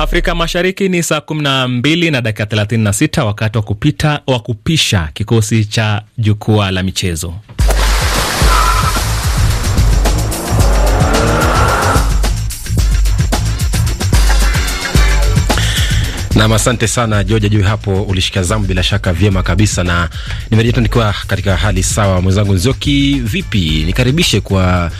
Afrika Mashariki ni saa 12 na dakika 36, wakati wa kupita wa kupisha kikosi cha jukwaa la michezo. Nam, asante sana joja juu hapo ulishika zamu bila shaka vyema kabisa, na nimerejea nikiwa katika hali sawa. Mwenzangu Nzoki, vipi? Nikaribishe kwa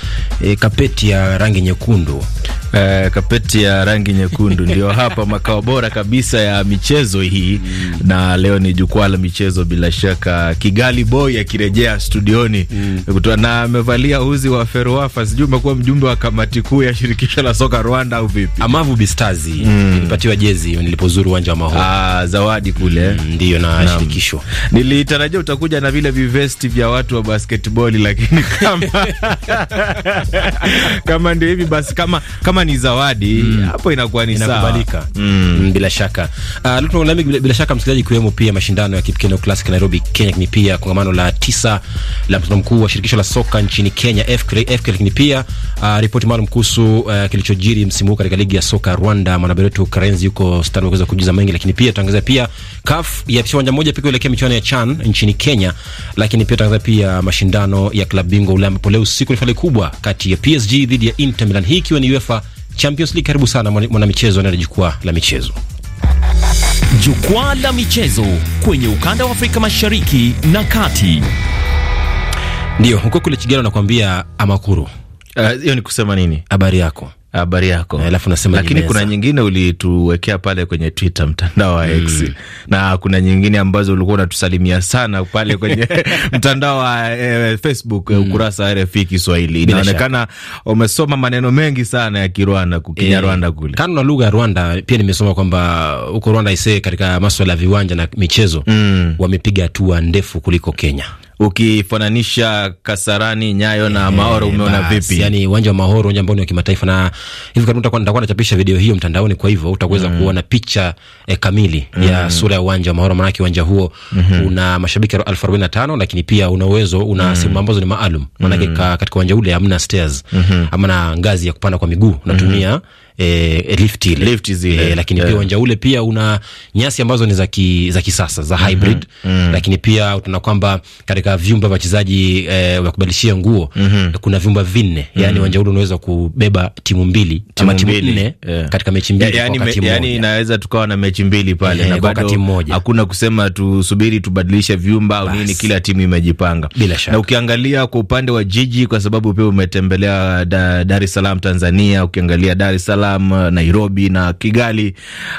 e, kapeti ya rangi nyekundu Eh, kapeti ya rangi nyekundu ndio hapa makao bora kabisa ya michezo hii mm. Na leo ni jukwaa la michezo bila shaka, Kigali Boy akirejea studioni mm. Na amevalia uzi wa Ferwafa, sijui umekuwa mjumbe wa kamati kuu ya shirikisho la soka Rwanda au vipi? Amavu Bistazi mm. Nilipatiwa jezi nilipozuru uwanja wa Mahoro, ah, zawadi kule mm, ndio na, na shirikisho. Nilitarajia utakuja na vile vivesti vya watu wa basketball, lakini kama kama ndio hivi basi kama kama kama ni zawadi mm. hapo mm. inakuwa ni inakubalika mm. mm. bila shaka uh, ah, Lutu Mlambi, bila, bila shaka msikilizaji, ikiwemo pia mashindano ya Kipkeno Classic Nairobi Kenya, lakini pia kongamano la tisa la mkutano mkuu wa shirikisho la soka nchini Kenya FKF, lakini pia uh, ripoti maalum kuhusu uh, kilichojiri msimu huu katika ligi ya soka Rwanda. Mwanahabari wetu Karenzi yuko stand kuweza kujuza mengi, lakini pia tutaangazia pia CAF ya kiwanja moja pia kuelekea michuano ya CHAN nchini Kenya, lakini pia tutaangazia pia mashindano ya klabu bingwa Ulaya ambapo leo usiku ni fainali kubwa kati ya PSG dhidi ya Inter Milan, hii ikiwa ni UEFA Champions League. Karibu sana mwanamichezo ndani ya jukwaa la michezo. Jukwaa la michezo kwenye ukanda wa Afrika Mashariki na Kati. Ndio, huko kule Kigera nakwambia Amakuru. Ah, hiyo uh, ni kusema nini? Habari yako? habari yako, eh, alafu nasema lakini kuna nyingine ulituwekea pale kwenye Twitter, mtandao wa X mm. na kuna nyingine ambazo ulikuwa unatusalimia sana pale kwenye mtandao wa eh, Facebook mm. ukurasa wa RFI Kiswahili. Inaonekana umesoma maneno mengi sana ya Kirwanda kukinya e, Rwanda eh, kule kando na lugha ya Rwanda. Pia nimesoma kwamba huko Rwanda isee katika maswala ya viwanja na michezo mm. wamepiga hatua ndefu kuliko Kenya ukifananisha Kasarani, Nyayo na eh, Mahoro, umeona vipi? Yani uwanja wa Mahoro, uwanja ambao ni wa kimataifa, na hivi karibuni nitakuwa nitakuwa nachapisha video hiyo mtandaoni, kwa hivyo utaweza mm. kuona picha e, kamili mm. ya sura ya uwanja wa Mahoro. Maana uwanja huo mm -hmm. una mashabiki elfu arobaini na tano lakini pia una uwezo, una mm. sehemu ambazo ni maalum, maana mm. katika uwanja ule hamna stairs mm -hmm. ama na ngazi ya kupanda kwa miguu unatumia mm -hmm e, lift ile lift zile e, lakini yeah. pia eh. uwanja ule pia una nyasi ambazo ni za ki, za kisasa za mhm. hybrid mm -hmm. lakini pia utaona kwamba katika vyumba vya wachezaji eh, vya kubadilishia nguo mm -hmm. kuna vyumba vinne mm -hmm. yani mhm. uwanja ule unaweza kubeba timu mbili timu ama timu nne yeah. katika mechi mbili yeah, yani, kwa yaani wakati me, yani inaweza tukawa na mechi mbili pale yeah, na bado hakuna kusema tusubiri tubadilishe vyumba au nini, kila timu imejipanga bila shaka. Na ukiangalia kwa upande wa jiji, kwa sababu pia umetembelea da, Dar es Salaam Tanzania, ukiangalia Dar es Salaam Salaam, eh, Nairobi na Kigali.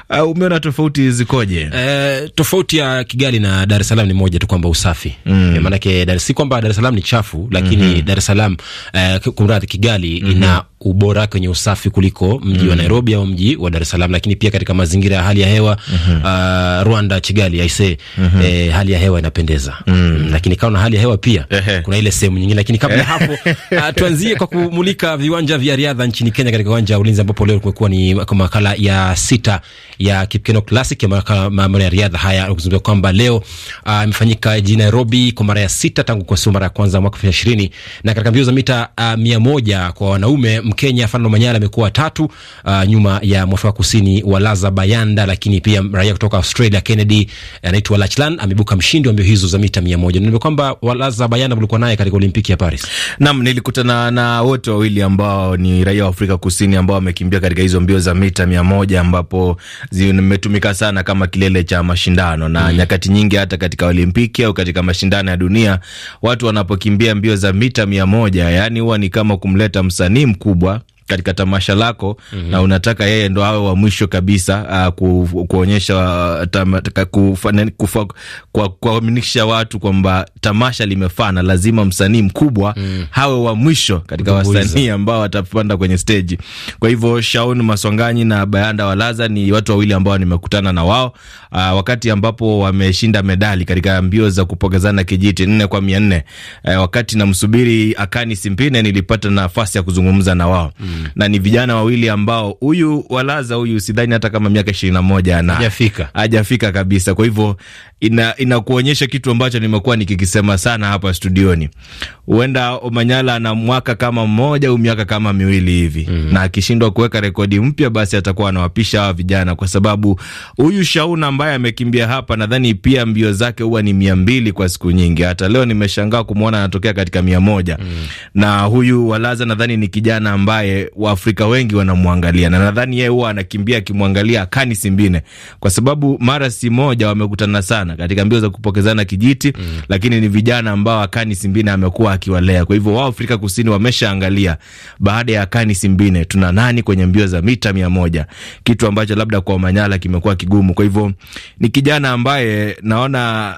Uh, umeona tofauti zikoje? Uh, tofauti ya Kigali na Dar es Salaam ni moja tu kwamba usafi mm. Maanake si kwamba Dar es Salaam ni chafu, lakini mm -hmm. Dar es Salaam uh, kumradhi, Kigali mm -hmm. ina ubora kwenye usafi kuliko mji mm. wa Nairobi au mji wa Dar es Salaam, lakini pia katika mazingira ya hali ya hewa mm -hmm. uh, Rwanda Kigali aise mm -hmm. eh, hali ya hewa inapendeza mm. mm lakini kama na hali ya hewa pia kuna ile sehemu nyingine, lakini kabla hapo uh, tuanzie kwa kumulika viwanja vya riadha nchini Kenya katika uwanja wa Ulinzi ambapo leo kumekuwa ni makala ya sita ya Kipkeno Classic ya maamara ya riadha. Haya kuzungumzia kwamba leo ah, imefanyika uh, jijini Nairobi kwa mara ya sita tangu kwa mara ya kwanza mwaka 2020 na katika mbio za mita uh, mia moja kwa wanaume Mkenya Fano Manyala amekuwa tatu uh, nyuma ya Mwafrika Kusini wa Laza Bayanda, lakini pia raia kutoka Australia Kennedy anaitwa uh, Lachlan amebuka mshindi wa mbio hizo za mita mia moja. Niambia kwamba Laza Bayanda mlikuwa naye katika Olimpiki ya Paris. Naam, nilikutana na wote wawili ambao ni raia wa Afrika Kusini ambao wamekimbia katika hizo mbio za mita mia moja ambapo zimetumika sana kama kilele cha mashindano na mm. Nyakati nyingi hata katika Olimpiki au katika mashindano ya dunia watu wanapokimbia mbio za mita mia moja yani huwa ni kama kumleta msanii mkubwa katika tamasha lako mm -hmm. na unataka yeye ndo awe wa mwisho kabisa uh, ku, kuonyesha uh, kwa kuaminisha watu kwamba tamasha limefana, lazima msanii mkubwa mm. hawe wa mwisho katika wasanii ambao watapanda kwenye steji. Kwa hivyo Shaun Maswanganyi na Bayanda Walaza ni watu wawili ambao nimekutana na wao uh, wakati ambapo wameshinda medali katika mbio za kupokezana kijiti nne kwa mia nne. Eh, wakati namsubiri Akani Simpine nilipata nafasi ya kuzungumza na wao mm na ni vijana wawili ambao huyu walaza huyu sidhani hata kama miaka ishirini na moja na hajafika kabisa. Kwa hivyo ina inakuonyesha kitu ambacho nimekuwa nikikisema sana hapa studioni. Huenda Omanyala ana mwaka kama mmoja au miaka kama miwili hivi mm -hmm. na akishindwa kuweka rekodi mpya, basi atakuwa anawapisha hawa vijana, kwa sababu huyu Shauna ambaye amekimbia hapa, nadhani pia mbio zake huwa ni mia mbili kwa siku nyingi. Hata leo nimeshangaa kumwona anatokea katika mia moja mm -hmm. na huyu Walaza nadhani ni kijana ambaye Waafrika wengi wanamwangalia na nadhani yeye huwa anakimbia akimwangalia Kani Simbine, kwa sababu mara si moja wamekutana sana kupokezana katika mbio za kupokezana kijiti mm. Lakini ni vijana ambao Akani Simbine amekuwa akiwalea. Kwa hivyo wao Afrika Kusini wameshaangalia baada ya Akani Simbine tuna nani kwenye mbio za mita mia moja, kitu ambacho labda kwa Manyala kimekuwa kigumu. Kwa hivyo ni kijana ambaye naona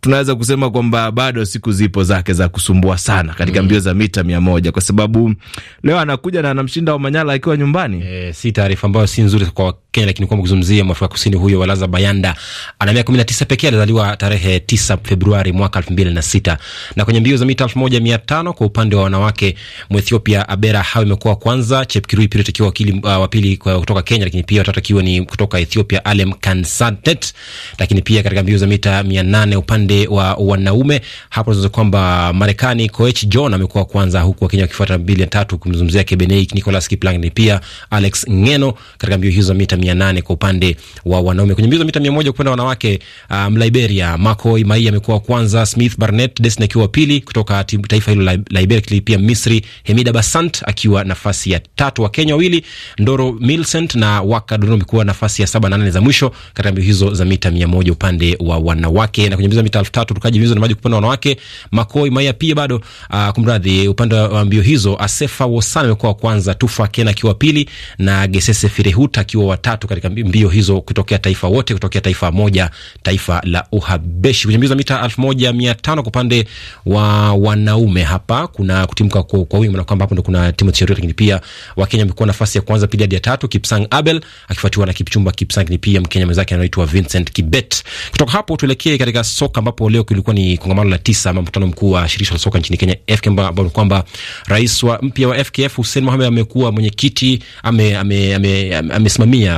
tunaweza kusema kwamba bado siku zipo zake za kusumbua sana katika mm. mbio za mita mia moja kwa sababu leo anakuja na anamshinda Omanyala akiwa nyumbani. E, si taarifa ambayo si nzuri kwa Kenya, lakini kwamba kuzungumzia Mwafrika Kusini huyo Walaza Bayanda ana miaka kumi na tisa pekee alizaliwa tarehe 9 Februari mwaka 2006. Na kwenye mbio za mita 1500 kwa upande wa wanawake, Mwethiopia Abera Hawe imekuwa kwanza, Chepkirui Piret akiwa uh, wa pili kutoka Kenya, lakini pia watatu akiwa ni kutoka Ethiopia Alem Kansatet. Lakini pia katika mbio za mita 800 upande wa wanaume, hapo tunaweza kwamba Marekani Koech John amekuwa kwanza, huku Wakenya wakifuata mbili tatu, kumzungumzia Kebenei Nicholas Kiplang ni pia Alex Ngeno katika mbio hizo za mita 800 kwa upande wa wanaume. Kwenye mbio za mita 100 kwa upande wa wanawake uh, Mliberia. Um, Liberia Marco Imai amekuwa kwanza, Smith Barnett Desne akiwa pili kutoka taifa hilo la Liberia, lakini pia Misri Hemida Basant akiwa nafasi ya tatu, wa Kenya wawili Ndoro Milcent na Waka Dono amekuwa nafasi ya saba na nane za mwisho katika mbio hizo za mita mia moja upande wa wanawake na kwenye mbio za mita elfu tatu tukaji mbio na maji upande wa wanawake Marco Imai pia bado uh, kumradhi, upande wa mbio hizo Asefa Wosan amekuwa wa kwanza, Tufa Kena akiwa pili na Gesese Firehut akiwa watatu katika mbio hizo kutokea taifa wote kutokea taifa moja taifa taifa la Uhabeshi. Kwenye mbio za mita elfu moja mia tano kwa upande wa wanaume hapa kuna kutimka kwa, kwa wingi na kwamba hapo ndo kuna timu Cheruiyot, lakini pia Wakenya wamekuwa nafasi ya kwanza pili hadi ya tatu, Kipsang Abel akifuatiwa na Kipchumba Kipsang, ni pia Mkenya mwenzake anaitwa Vincent Kibet. Kutoka hapo tuelekee katika soka ambapo leo kulikuwa ni kongamano la tisa ama mkutano mkuu wa shirikisho la soka nchini Kenya FKF, ambao ni kwamba rais wa mpya wa FKF Hussein Mohamed amekuwa mwenyekiti, amesimamia ame, ame, ame, amesimamia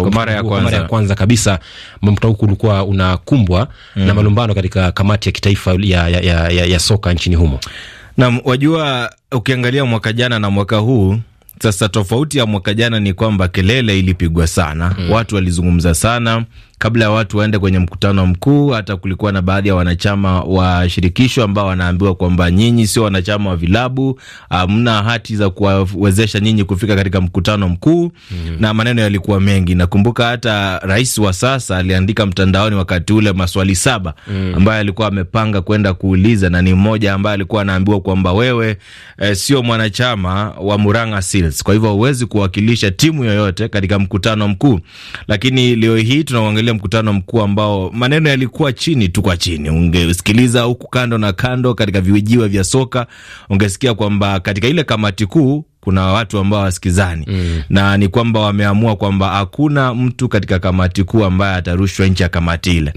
uh, mara ya kwanza kabisa mkutano huu ulikuwa una kumbwa mm. na malumbano katika kamati ya kitaifa ya, ya, ya, ya, ya soka nchini humo. nam wajua ukiangalia mwaka jana na mwaka huu sasa, tofauti ya mwaka jana ni kwamba kelele ilipigwa sana mm. watu walizungumza sana kabla ya watu waende kwenye mkutano mkuu. Hata kulikuwa na baadhi ya wanachama wa shirikisho ambao wanaambiwa kwamba nyinyi sio wanachama wa vilabu, hamna ah, hati za kuwawezesha nyinyi kufika katika mkutano mkuu mm. -hmm. na maneno yalikuwa mengi. Nakumbuka hata rais wa sasa aliandika mtandaoni wakati ule maswali saba mm. -hmm. ambayo alikuwa amepanga kwenda kuuliza, na ni mmoja ambaye alikuwa anaambiwa kwamba wewe e, sio mwanachama wa Murang'a Seals, kwa hivyo huwezi kuwakilisha timu yoyote katika mkutano mkuu. Lakini leo hii tuna ile mkutano mkuu ambao maneno yalikuwa chini tu kwa chini, ungesikiliza huku kando na kando katika viwijiwa vya soka, ungesikia kwamba katika ile kamati kuu kuna watu ambao wasikizani mm. na ni kwamba wameamua kwamba hakuna mtu katika kamati kuu ambaye atarushwa nje ya kamati ile,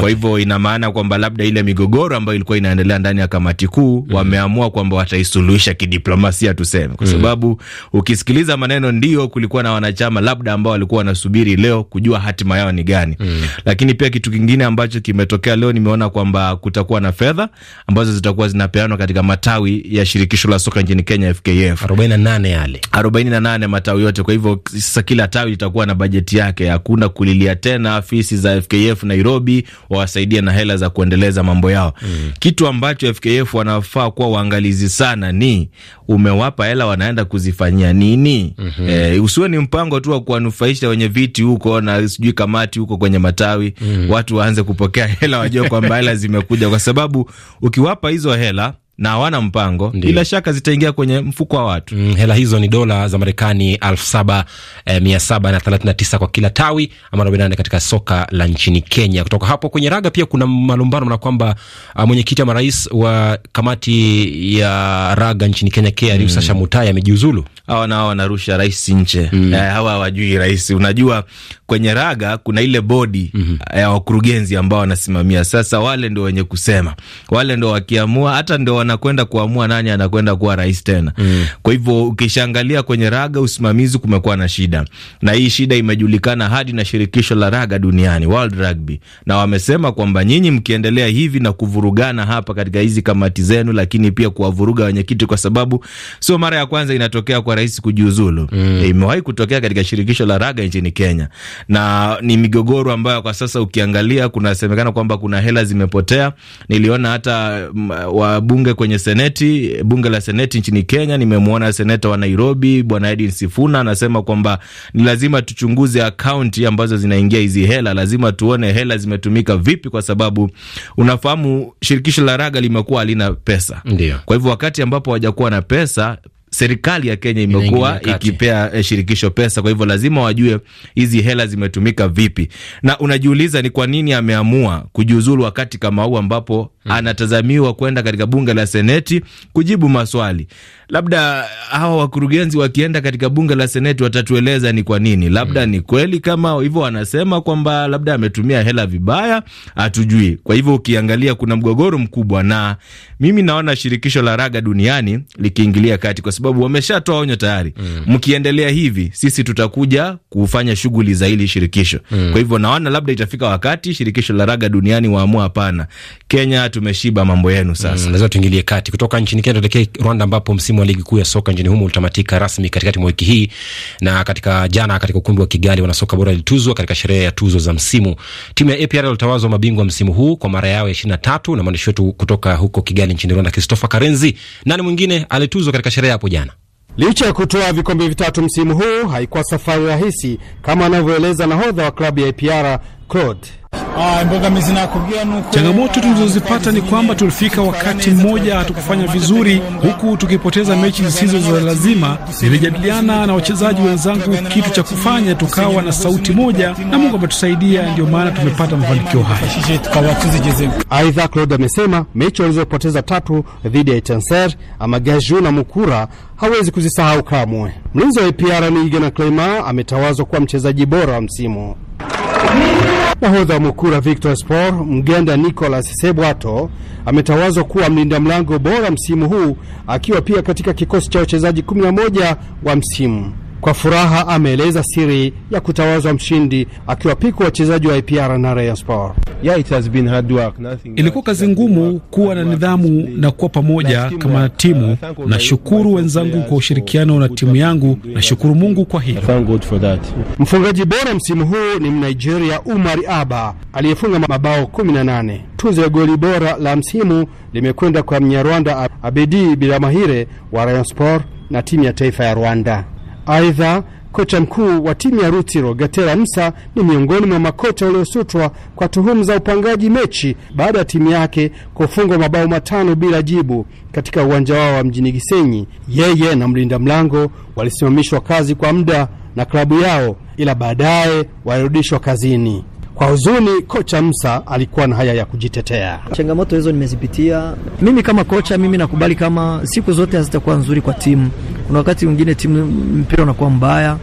Kwa hivyo ina maana kwamba labda ile migogoro ambayo ilikuwa inaendelea ndani ya kamati kuu mm. wameamua kwamba wataisuluhisha kidiplomasia, tuseme, kwa mm. sababu mm. ukisikiliza maneno, ndio kulikuwa na wanachama labda ambao walikuwa wanasubiri leo kujua hatima yao ni gani mm. lakini pia kitu kingine ambacho kimetokea leo, nimeona kwamba kutakuwa na fedha ambazo zitakuwa zinapeanwa katika matawi ya shirikisho la soka nchini Kenya FKF 48 yale 48 matawi yote. Kwa hivyo sasa kila tawi litakuwa na bajeti yake. Hakuna kulilia tena afisi za FKF Nairobi wawasaidia na hela za kuendeleza mambo yao. Mm. Kitu ambacho FKF wanafaa kuwa waangalizi sana ni umewapa hela wanaenda kuzifanyia nini? Mm -hmm. Eh, usiwe ni mpango tu wa kuwanufaisha wenye viti huko na sijui kamati huko kwenye matawi. Mm -hmm. Watu waanze kupokea hela wajue kwamba hela zimekuja, kwa sababu ukiwapa hizo hela na hawana mpango, bila shaka zitaingia kwenye mfuko wa watu. Mm, hela hizo ni dola za Marekani 7739 saba eh, kwa kila tawi ama arobaini katika soka la nchini Kenya. Kutoka hapo kwenye raga pia kuna malumbano na kwamba ah, mwenyekiti ama rais wa kamati ya raga nchini Kenya Darius mm. Shammutai amejiuzulu. Hawa nao wanarusha rais nje mm. Eh, hawa hawajui rais. Unajua kwenye raga kuna ile bodi mm -hmm. ya wakurugenzi ambao wanasimamia. Sasa wale ndio wenye kusema, wale ndio wakiamua, hata ndio anakwenda kuamua nani anakwenda kuwa rais tena. Mm. Kwa hivyo ukishangalia kwenye raga usimamizi kumekuwa na shida. Na hii shida imejulikana hadi na shirikisho la raga duniani, World Rugby. Na wamesema kwamba nyinyi mkiendelea hivi na kuvurugana hapa katika hizi kamati zenu, lakini pia kuwavuruga wenyekiti kwa sababu sio mara ya kwanza inatokea kwa rais kujiuzulu. Mm. E, imewahi kutokea katika shirikisho la raga nchini Kenya. Na ni migogoro ambayo kwa sasa ukiangalia kunasemekana kwamba kuna hela zimepotea. Niliona hata mm, wabunge kwenye seneti, bunge la seneti nchini Kenya, nimemwona seneta wa Nairobi bwana edin Sifuna anasema kwamba ni lazima tuchunguze akaunti ambazo zinaingia hizi hela, lazima tuone hela zimetumika vipi, kwa sababu unafahamu shirikisho la raga limekuwa halina pesa. Ndiyo. Kwa hivyo wakati ambapo hawajakuwa na pesa serikali ya Kenya imekuwa ikipea eh, shirikisho pesa, kwa hivyo lazima wajue hizi hela zimetumika vipi, na unajiuliza ni kwa nini ameamua kujiuzulu wakati kama huu ambapo hmm, anatazamiwa kwenda katika bunge la seneti kujibu maswali. Labda hawa wakurugenzi wakienda katika bunge la seneti watatueleza ni kwa nini, labda hmm, ni kweli kama hivyo wanasema kwamba labda ametumia hela vibaya, hatujui. Kwa hivyo ukiangalia kuna mgogoro mkubwa, na mimi naona shirikisho la raga duniani likiingilia kati kwa sababu sababu wameshatoa onyo tayari, mm. mkiendelea hivi sisi tutakuja kufanya shughuli za hili shirikisho mm. kwa hivyo naona labda itafika wakati shirikisho la raga duniani waamua, hapana, Kenya tumeshiba mambo yenu sasa. Mm, lazima tuingilie kati. Kutoka nchini Kenya tuelekee Rwanda, ambapo msimu wa ligi kuu ya soka nchini humo ulitamatika rasmi katikati mwa wiki hii, na katika jana, katika ukumbi wa Kigali, wanasoka bora ilituzwa katika sherehe ya tuzo za msimu. Timu ya APR ilitawazwa mabingwa msimu huu kwa mara yao ya ishirini na tatu na mwandishi wetu kutoka huko Kigali nchini Rwanda, Christopher Karenzi nani mwingine alituzwa katika sherehe hapo jana. Licha ya kutoa vikombe vitatu msimu huu haikuwa safari rahisi, kama anavyoeleza nahodha wa klabu ya APR Claude Ah, Changamoto tulizozipata ni kwamba tulifika wakati mmoja hatukufanya vizuri, huku tukipoteza mechi zisizo za lazima. Nilijadiliana na wachezaji wenzangu kitu cha kufanya, tukawa na sauti moja, na Mungu ametusaidia, ndiyo maana tumepata mafanikio haya. Aidha, Claude amesema mechi walizopoteza tatu dhidi ya Itanser, Amagaju na Mukura hawezi kuzisahau kamwe. Mlinzi wa APR Miigana Cleima ametawazwa kuwa mchezaji bora wa msimu Nahodha wa Mukura Victor Sport mgenda Nicolas Sebwato ametawazwa kuwa mlinda mlango bora msimu huu akiwa pia katika kikosi cha wachezaji 11 wa msimu. Kwa furaha ameeleza siri ya kutawazwa mshindi piku wachezaji wa APR na Rayon Sport. Yeah, it has been hard work. Nothing ilikuwa kazi ngumu kuwa na nidhamu na kuwa pamoja kama timu. Uh, nashukuru wenzangu kwa ushirikiano na timu yangu, nashukuru Mungu kwa hilo. Mfungaji bora msimu huu ni Mnigeria Umari Aba aliyefunga mabao 18. Tuzo ya goli bora la msimu limekwenda kwa Mnyarwanda Abedi Bilamahire wa Rayon Sport na timu ya taifa ya Rwanda. Aidha, kocha mkuu wa timu ya Rutiro Gatera Musa ni miongoni mwa makocha waliosutwa kwa tuhumu za upangaji mechi baada ya timu yake kufungwa mabao matano bila jibu katika uwanja wao wa mjini Gisenyi. Yeye na mlinda mlango walisimamishwa kazi kwa muda na klabu yao, ila baadaye walirudishwa kazini. Kwa huzuni, kocha Musa alikuwa na haya ya kujitetea. Changamoto hizo nimezipitia mimi kama kocha. Mimi nakubali kama siku zote hazitakuwa nzuri kwa timu. Kuna wakati mwingine timu mpira unakuwa mbaya,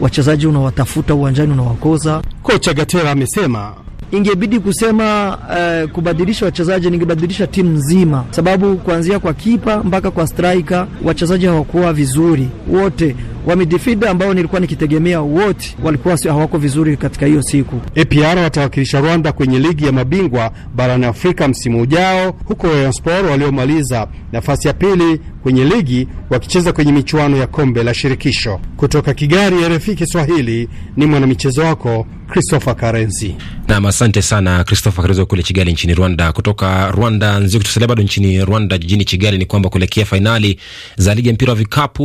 wachezaji unawatafuta uwanjani, unawakoza. Kocha Gatera amesema Ingebidi kusema uh, kubadilisha wachezaji, ningebadilisha timu nzima, sababu kuanzia kwa kipa mpaka kwa striker wachezaji hawakuwa vizuri wote wa midifida ambao nilikuwa nikitegemea wote walikuwa hawako vizuri katika hiyo siku. APR watawakilisha Rwanda kwenye ligi ya mabingwa barani Afrika msimu ujao, huko Rayon Sports waliomaliza nafasi ya pili kwenye ligi wakicheza kwenye michuano ya kombe la shirikisho. Kutoka Kigali, RFI Kiswahili, ni mwanamichezo wako Christopher Karenzi. Nam, asante sana Christopher Karenzi kule Kigali nchini Rwanda. Kutoka Rwanda nzio kutusalia bado nchini Rwanda, jijini Kigali, ni kwamba kuelekea fainali za ligi ya mpira wa vikapu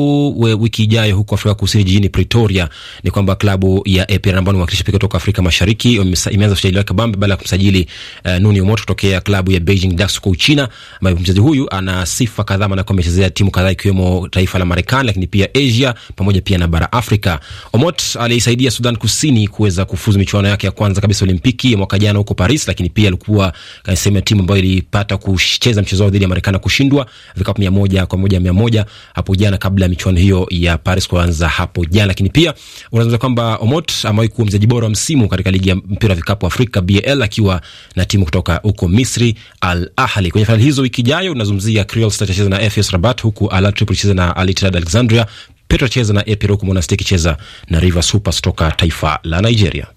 wiki ijayo huko Afrika Kusini, jijini Pretoria, ni kwamba klabu ya e APR ambao ni wakilishi pekee kutoka Afrika Mashariki imeanza usajili wake kabambe baada ya kumsajili uh, eh, Nuni Omoto kutokea klabu ya Beijing Ducks huko Uchina, ambaye mchezaji huyu ana sifa kadhaa na amechezea timu kadhaa ikiwemo taifa la Marekani, lakini pia Asia pamoja pia na bara Afrika. Omot aliisaidia Sudan Kusini kuweza kufuzu michuano yake ya kwanza kabisa Olimpiki ya mwaka jana huko Paris, lakini pia alikuwa sehemu ya timu ambayo ilipata kucheza mchezo wao dhidi ya Marekani na kushindwa vikapu mia moja kwa moja mia moja hapo jana kabla ya michuano hiyo ya Paris kwa ulioanza hapo jana, lakini pia unazungumza kwamba Omot amewahi kuwa mchezaji bora wa msimu katika ligi ya mpira wa vikapu Afrika BAL akiwa na timu kutoka huko Misri Al Ahli. Kwenye fainali hizo wiki ijayo, unazungumzia Creole Star itacheza na FS Rabat, huku Al Ahly ikicheza na Al Ittihad Alexandria, Petro cheza na APR, huku Monastir ikicheza na River Super kutoka taifa la Nigeria.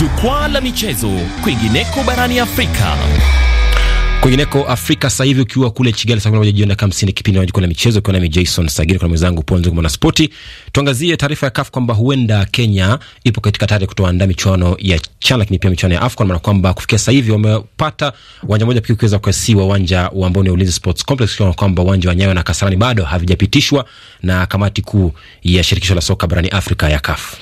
Jukwaa la michezo kwingineko barani Afrika. Kwingineko Afrika sasa hivi ukiwa kule Kigali saa kumi na moja jioni dakika hamsini kipindi na jukwaa la michezo ukiwa nami Jason Sagini kwa mwenzangu Paul Nzungu mwanaspoti. Tuangazie taarifa ya CAF kwamba huenda Kenya ipo katika hatari kutoandaa michuano ya CHAN lakini pia michuano ya AFCON, maana kwamba kufikia sasa hivi wamepata uwanja mmoja pekee ukiweza kuasiwa uwanja wa ambao ni Ulinzi Sports Complex, kwa kwamba uwanja wa Nyayo na Kasarani bado havijapitishwa na kamati kuu ya shirikisho la soka barani Afrika ya CAF.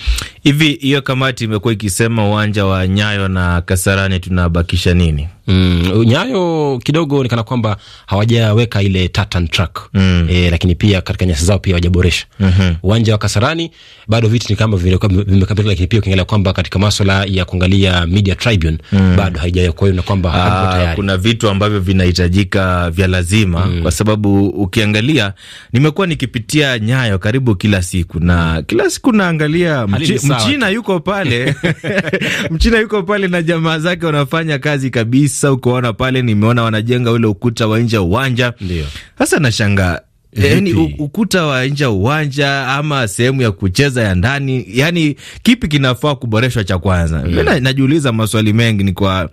Hivi hiyo kamati imekuwa ikisema uwanja wa Nyayo na Kasarani tunabakisha nini? Mm, Nyayo kidogo ni kana kwamba hawajaweka ile tartan track mm. E, lakini pia katika nyasi zao pia hawajaboresha mhm. uwanja mm -hmm. wa Kasarani bado vitu ni kama vimekamilika, lakini pia ukiangalia kwamba katika masuala ya kuangalia media tribune mm. bado haijawekwa hiyo, na kwamba ah, tayari kuna vitu ambavyo vinahitajika vya lazima mm. kwa sababu ukiangalia, nimekuwa nikipitia Nyayo karibu kila siku na kila siku naangalia mchi, mchina yuko pale mchina yuko pale na jamaa zake wanafanya kazi kabisa kabisa, ukiwaona pale, nimeona wanajenga ule ukuta wa nje ya uwanja. Ndio sasa nashanga Yani, ukuta wa nje uwanja ama sehemu ya kucheza ya ndani, yani kipi kinafaa kuboreshwa cha kwanza? Mm. Mimi najiuliza maswali mengi, ni kwa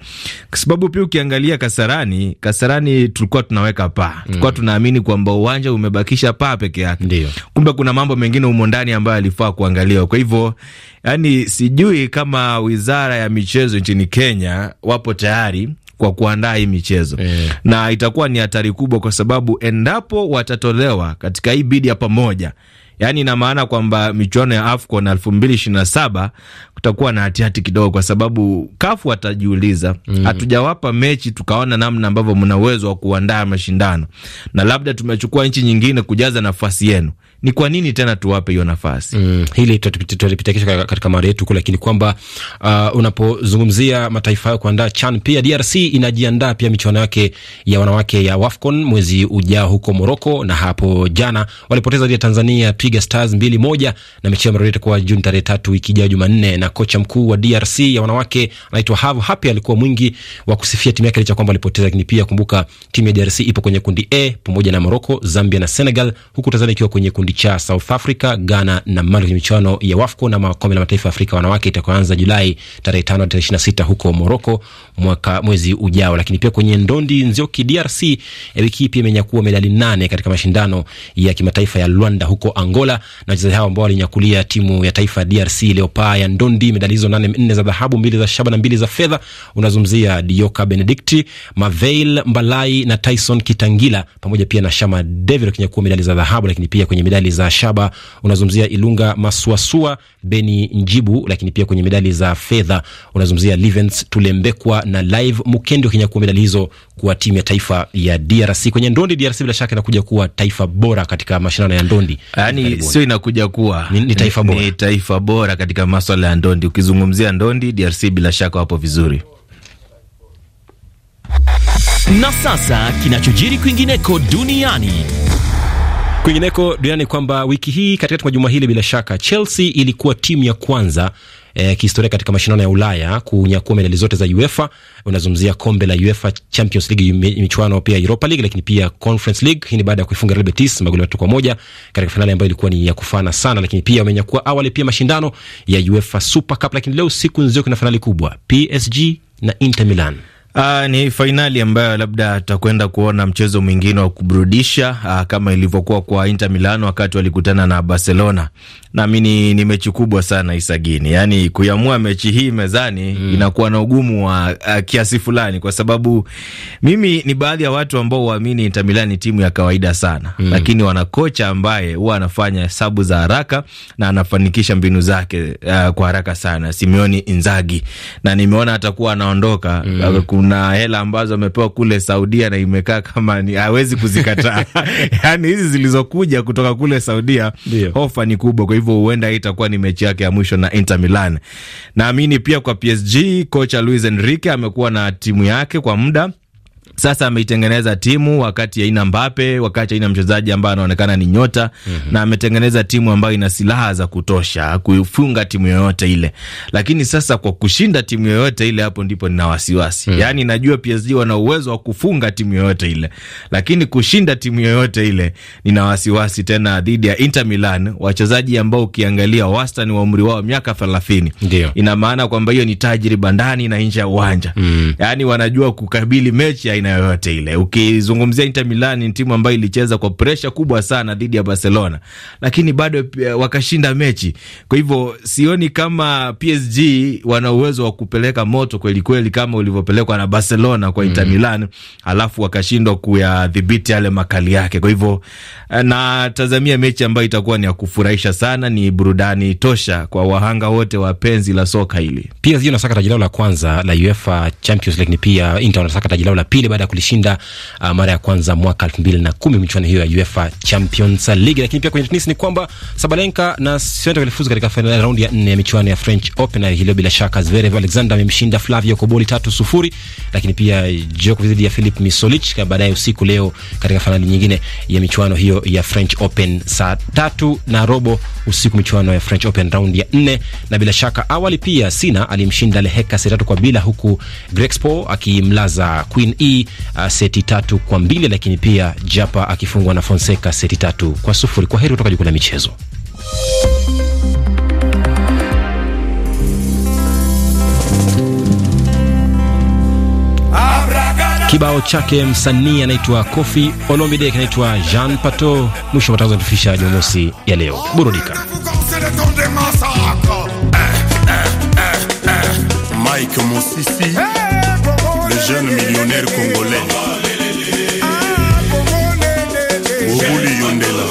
sababu pia ukiangalia Kasarani, Kasarani tulikuwa tunaweka paa, tulikuwa mm. tunaamini kwamba uwanja umebakisha paa peke yake. Ndio. Kumbe kuna mambo mengine humo ndani ambayo alifaa kuangaliwa. Kwa hivyo yani sijui kama Wizara ya Michezo nchini Kenya wapo tayari kwa kuandaa hii michezo yeah. Na itakuwa ni hatari kubwa, kwa sababu endapo watatolewa katika hii bidi ya pamoja yaani ina maana kwamba michuano ya AFCON elfu mbili ishirini na saba kutakuwa na hatihati kidogo, kwa sababu kafu watajiuliza, mm. hatujawapa mm. mechi tukaona namna ambavyo mna uwezo wa kuandaa mashindano, na labda tumechukua nchi nyingine kujaza nafasi yenu ni kwa nini tena tuwape hiyo nafasi? Mm, hili tutalipitia kesho katika mada yetu kule, lakini kwamba uh, unapozungumzia mataifa hayo kuandaa CHAN, pia DRC inajiandaa pia michuano yake ya wanawake ya WAFCON mwezi ujao huko Moroko, na hapo jana walipoteza dhidi ya Tanzania Twiga Stars mbili moja, na mechi ambayo itakuwa Juni tarehe tatu wiki ijayo Jumanne. Na kocha mkuu wa DRC ya wanawake anaitwa Have Happy alikuwa mwingi wa kusifia timu yake licha kwamba walipoteza, lakini pia kumbuka timu ya DRC ipo kwenye kundi A e pamoja na Moroko, Zambia na Senegal, huku Tanzania ikiwa kwenye kundi kikundi cha South Africa, Ghana na Mali kwenye michuano ya WAFCO na makombe la mataifa ya Afrika wanawake itakayoanza Julai tarehe tano hadi tarehe 26 huko Moroko mwaka mwezi ujao. Lakini pia kwenye ndondi Nzioki, DRC eh, wiki hii pia imenyakua medali nane katika mashindano ya kimataifa ya Luanda huko Angola, na wachezaji hao ambao walinyakulia timu ya taifa DRC Leopard ya ndondi medali hizo nane, nne za dhahabu, mbili za shaba na mbili za fedha. Unazungumzia Dioka Benedikti, Maveil Mbalai na Tyson Kitangila pamoja pia na Shama David wakinyakua medali za dhahabu, lakini pia kwenye medali medali za shaba unazungumzia Ilunga Masuasua, Beni Njibu, lakini pia kwenye medali za fedha unazungumzia Livens Tulembekwa na Live Mukende wakinyakua medali hizo kuwa timu ya taifa ya DRC. Kwenye ndondi, DRC bila shaka inakuja kuwa taifa bora katika mashindano ya ndondi, yani sio inakuja kuwa ni, ni taifa bora, ni taifa bora katika maswala ya ndondi. Ukizungumzia ndondi, DRC bila shaka wapo vizuri. Na sasa kinachojiri kwingineko duniani Kwingineko duniani kwamba wiki hii katikati mwa juma hili, bila shaka, Chelsea ilikuwa timu ya kwanza E, kihistoria katika mashindano ya Ulaya kunyakua medali zote za UEFA. Unazungumzia kombe la UEFA Champions League, michuano pia Europa League, lakini pia Conference League. Hii ni baada ya kuifunga Real Betis magoli matatu kwa moja katika finali ambayo ilikuwa ni ya kufana sana, lakini pia wamenyakua awali pia mashindano ya UEFA Super Cup. Lakini leo siku nzio kuna finali kubwa PSG na Inter Milan. Aa, ah, ni fainali ambayo labda tutakwenda kuona mchezo mwingine wa kuburudisha aa, ah, kama ilivyokuwa kwa Inter Milan wakati walikutana na Barcelona. Naamini ni mechi kubwa sana Isagini, yaani kuiamua mechi hii mezani mm, inakuwa na ugumu wa uh, kiasi fulani, kwa sababu mimi ni baadhi ya watu ambao waamini Inter Milan ni timu ya kawaida sana mm, lakini wana kocha ambaye huwa anafanya hesabu za haraka na anafanikisha mbinu zake uh, kwa haraka sana, Simeone Inzaghi, na nimeona atakuwa anaondoka mm kuna hela ambazo amepewa kule Saudia na imekaa kama ni hawezi kuzikataa. Yani hizi zilizokuja kutoka kule Saudia, hofa ni kubwa, kwa hivyo huenda itakuwa ni mechi yake ya mwisho na Inter Milan. Naamini pia kwa PSG, kocha Luis Enrique amekuwa na timu yake kwa muda sasa ameitengeneza timu wakati aina Mbappe, wakati aina mchezaji ambaye anaonekana ni nyota mm -hmm. na ametengeneza timu ambayo ina silaha za kutosha kuifunga timu yoyote ile, lakini sasa kwa kushinda timu yoyote ile, hapo ndipo nina wasiwasi mm -hmm. Yani najua PSG wana uwezo wa kufunga timu yoyote ile, lakini kushinda timu yoyote ile nina wasiwasi tena dhidi ya Inter Milan, wachezaji ambao ukiangalia wastani wa umri wao miaka thelathini. Ina maana kwamba hiyo ni tajriba ndani na nje ya uwanja mm -hmm. Yani wanajua kukabili mechi ya aina yoyote ile. Ukizungumzia Inter Milan, ni timu ambayo ilicheza kwa presha kubwa sana dhidi ya Barcelona, lakini bado eh, wakashinda mechi. Kwa hivyo sioni kama PSG wana uwezo wa kupeleka moto kweli kweli kama ulivyopelekwa na Barcelona kwa Inter mm. Milan, alafu wakashindwa kuyadhibiti yale makali yake. Kwa hivyo eh, natazamia mechi ambayo itakuwa ni ya kufurahisha sana, ni burudani tosha kwa wahanga wote wa penzi la soka hili. PSG inasaka taji lao la kwanza la UEFA Champions League, ni pia Inter wanasaka taji lao la pili baada ya kulishinda uh, mara ya kwanza mwaka 2010 michuano hiyo ya UEFA Champions League. Lakini pia kwenye tenisi ni kwamba Sabalenka na Swiatek walifuzu katika fainali raundi ya 4 ya michuano ya French Open, na hilo bila shaka Zverev Alexander amemshinda Flavio Koboli 3-0, lakini pia Djokovic dhidi ya Filip Misolic baadaye usiku leo katika fainali nyingine ya michuano hiyo ya French Open saa tatu na robo usiku michuano ya French Open round ya 4. Na bila shaka awali pia Sina alimshinda Leheka Lehecka sita kwa bila, huku Grexpo akimlaza Queen E uh, seti tatu kwa mbili, lakini pia Japa akifungwa na Fonseca seti tatu kwa sufuri. Kwa heri kutoka jukwaa la michezo. Kibao chake msanii anaitwa Kofi Olomide, kinaitwa Jean Pato. Mwisho wa matangazo yanatufisha Jumamosi ya leo, burudika Mike Musisi jeune millionnaire congolais. Obuli Yondela.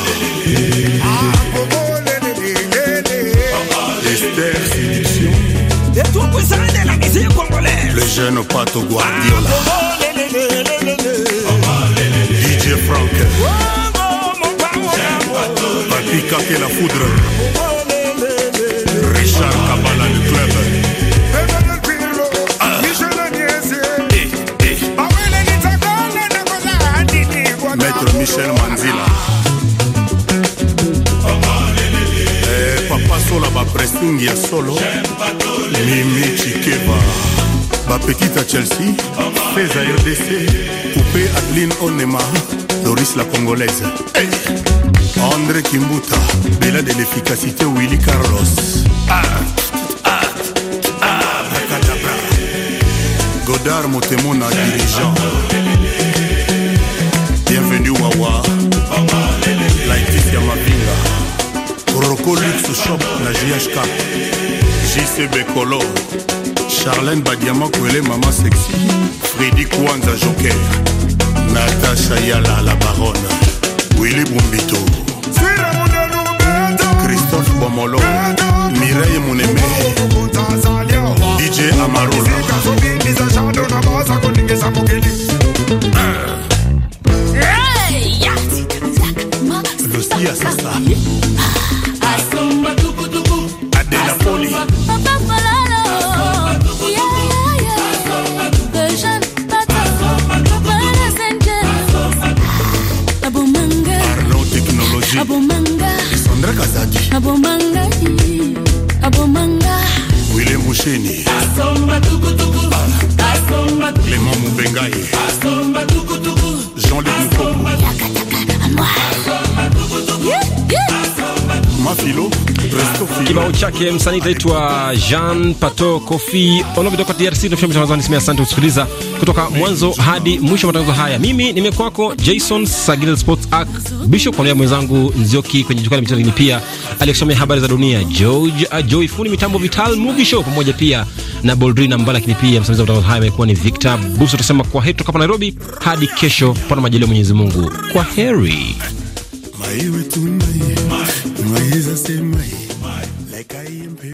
Esther Séduction. Le jeune Pato Guardiola. DJ Frank. Papi Kaké la foudre. Richard king ya solo mimi chikeba bapetite ya chelsea feza rdc coupe adeline onema doris la congolaise hey. andré kimbuta bela de l'efficacité willy carlos ah. ah! ah! godard motemo na dirigeant bienvenu wawa laitifiamab Luxe Shop na JHK JC Colo, Charlène Badiama quelle Maman Sexy Freddy Kwanza Joker Natacha Yala la Baronne Willy Bumbito Christophe Bomolo Mireille aimé DJ Amarola Lucia Sasa abomanga Sandra Kazadi abomanga abomanga wile Musheni asomba tukutuku asomba Clément Mubengaye asomba tukutuku Jean-Luc Kibao chake msanii anaitwa Jean Pato Kofi ono kutoka DRC. Tunafika matangazo niseme asante kusikiliza kutoka mwanzo hadi mwisho wa matangazo haya. Mimi nimekwako Jason Sagil Sports Arc Bishop, kwa niaba mwenzangu Nzioki kwenye jukwaa la michezo, lakini pia alikusomea habari za dunia George Ajoi, fundi mitambo Vital Mugisho, pamoja pia na Boldrina Mbala, lakini pia msimamizi wa matangazo haya amekuwa ni Victor Buso. Tunasema kwa heri kutoka Nairobi hadi kesho, pana majaliwa Mwenyezi Mungu. Kwa heri. Aiwe tunai, mwagiza semai